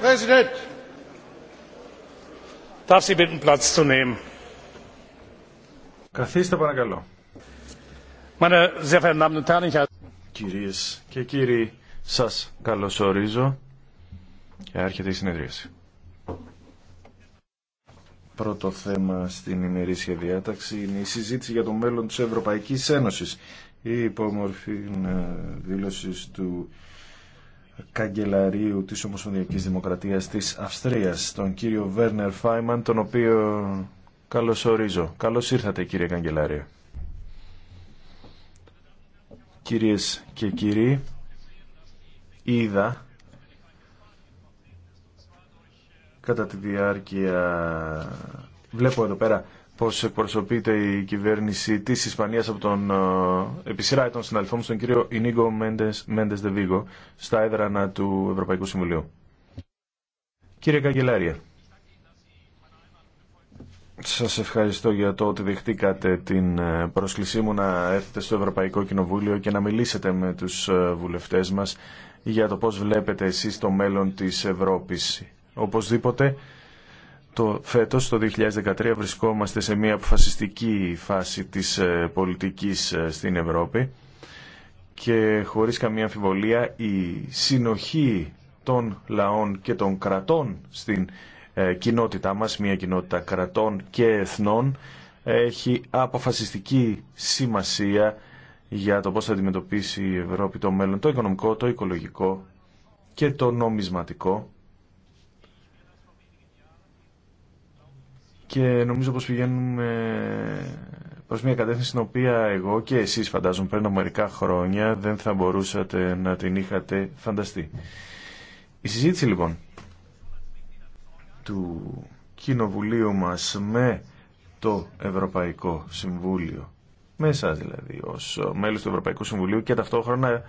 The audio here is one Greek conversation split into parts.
Präsident! Darf Sie bitten, Platz zu nehmen. Καθίστε παρακαλώ. Meine sehr verehrten Damen und Herren, ich heiße σας καλωσορίζω και έρχεται η συνεδρίαση. Πρώτο θέμα στην ημερήσια διάταξη είναι η συζήτηση για το μέλλον της Ευρωπαϊκής Ένωσης. Η υπομορφή ε, δήλωση του καγκελαρίου της Ομοσπονδιακής Δημοκρατίας της Αυστρίας, τον κύριο Βέρνερ Φάιμαν, τον οποίο ορίζω. Καλώς ήρθατε κύριε καγκελάριο. Κυρίες και κύριοι, είδα κατά τη διάρκεια... Βλέπω εδώ πέρα πώς εκπροσωπείται η κυβέρνηση της Ισπανίας από τον ε, επί των ετών μου κύριο Ινίγκο Μέντες, Μέντες Δεβίγκο στα έδρανα του Ευρωπαϊκού Συμβουλίου. Κύριε Καγκελάρια, σας ευχαριστώ για το ότι δεχτήκατε την ε, πρόσκλησή μου να έρθετε στο Ευρωπαϊκό Κοινοβούλιο και να μιλήσετε με τους ε, βουλευτές μας για το πώς βλέπετε εσείς το μέλλον της Ευρώπης. Οπωσδήποτε το φέτος, το 2013, βρισκόμαστε σε μια αποφασιστική φάση της ε, πολιτικής ε, στην Ευρώπη και χωρίς καμία αμφιβολία η συνοχή των λαών και των κρατών στην ε, κοινότητά μας, μια κοινότητα κρατών και εθνών, έχει αποφασιστική σημασία για το πώς θα αντιμετωπίσει η Ευρώπη το μέλλον, το οικονομικό, το οικολογικό και το νομισματικό και νομίζω πως πηγαίνουμε προς μια κατεύθυνση την οποία εγώ και εσείς φαντάζομαι πριν μερικά χρόνια δεν θα μπορούσατε να την είχατε φανταστεί. Η συζήτηση λοιπόν του Κοινοβουλίου μας με το Ευρωπαϊκό Συμβούλιο, με εσάς δηλαδή ως μέλος του Ευρωπαϊκού Συμβουλίου και ταυτόχρονα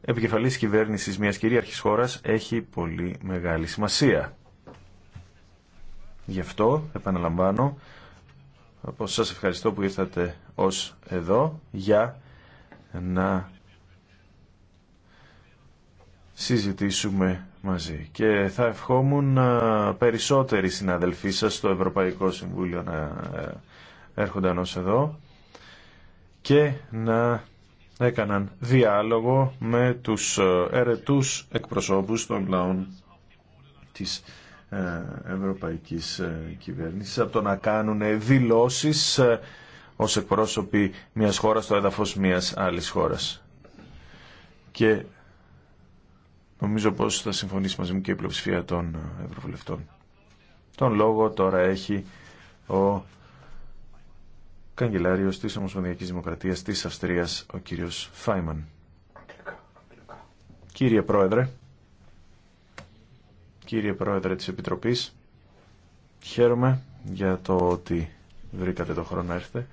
επικεφαλής κυβέρνησης μιας κυρίαρχης χώρας έχει πολύ μεγάλη σημασία. Γι' αυτό, επαναλαμβάνω, πως σας ευχαριστώ που ήρθατε ως εδώ για να συζητήσουμε μαζί. Και θα ευχόμουν περισσότεροι συναδελφοί σας στο Ευρωπαϊκό Συμβούλιο να ε, έρχονταν ως εδώ και να έκαναν διάλογο με τους ε, ερετούς εκπροσώπους των λαών της ε, ευρωπαϊκής ε, κυβέρνησης από το να κάνουν δηλώσεις ε, ως εκπρόσωποι μιας χώρας στο έδαφος μιας άλλης χώρας. Και νομίζω πως θα συμφωνήσει μαζί μου και η πλειοψηφία των ευρωβουλευτών. Τον λόγο τώρα έχει ο καγκελάριος της Ομοσπονδιακής Δημοκρατίας της Αυστρίας, ο κύριος Φάιμαν. Κύριε Πρόεδρε, Κύριε Πρόεδρε της Επιτροπής, χαίρομαι για το ότι βρήκατε το χρόνο να έρθετε.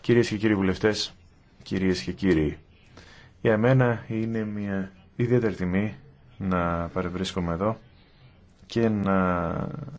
Κυρίες και κύριοι βουλευτές, κυρίες και κύριοι, για μένα είναι μια ιδιαίτερη τιμή να παρευρίσκομαι εδώ και να